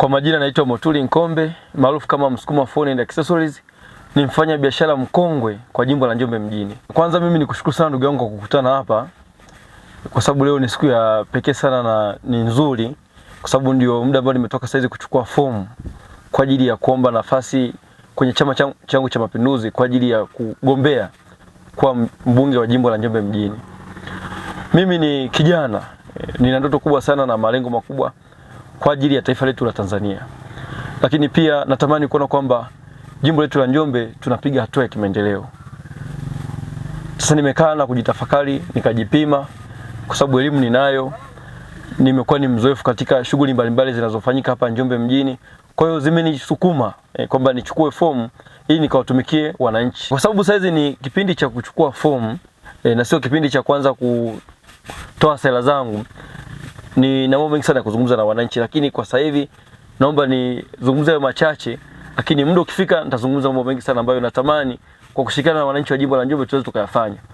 Kwa majina naitwa Motuli Nkombe maarufu kama Msukuma Phone and Accessories, ni mfanya biashara mkongwe kwa jimbo la Njombe mjini. Kwanza mimi nikushukuru sana ndugu yangu kwa kukutana hapa, kwa sababu leo ni siku ya pekee sana na ni nzuri, kwa sababu ndio muda ambao nimetoka saizi kuchukua fomu kwa ajili ya kuomba nafasi kwenye chama changu cha Mapinduzi kwa ajili ya kugombea kwa mbunge wa jimbo la Njombe mjini. Mimi ni kijana, nina ndoto kubwa sana na malengo makubwa kwa ajili ya taifa letu la Tanzania. Lakini pia natamani kuona kwamba jimbo letu la Njombe tunapiga hatua ya kimaendeleo. Sasa nimekaa na kujitafakari, nikajipima, kwa sababu elimu ninayo, nimekuwa ni mzoefu katika shughuli mbalimbali zinazofanyika hapa Njombe mjini. Kwa hiyo zimenisukuma eh, kwamba nichukue fomu ili nikawatumikie wananchi, kwa sababu saizi ni kipindi cha kuchukua fomu eh, na sio kipindi cha kwanza kutoa sera zangu ni na mambo mengi sana ya kuzungumza na wananchi, lakini kwa sasa hivi naomba nizungumze hayo machache, lakini muda ukifika nitazungumza mambo mengi sana ambayo natamani kwa kushirikiana na wananchi wa jimbo la Njombe tuweze tukayafanya.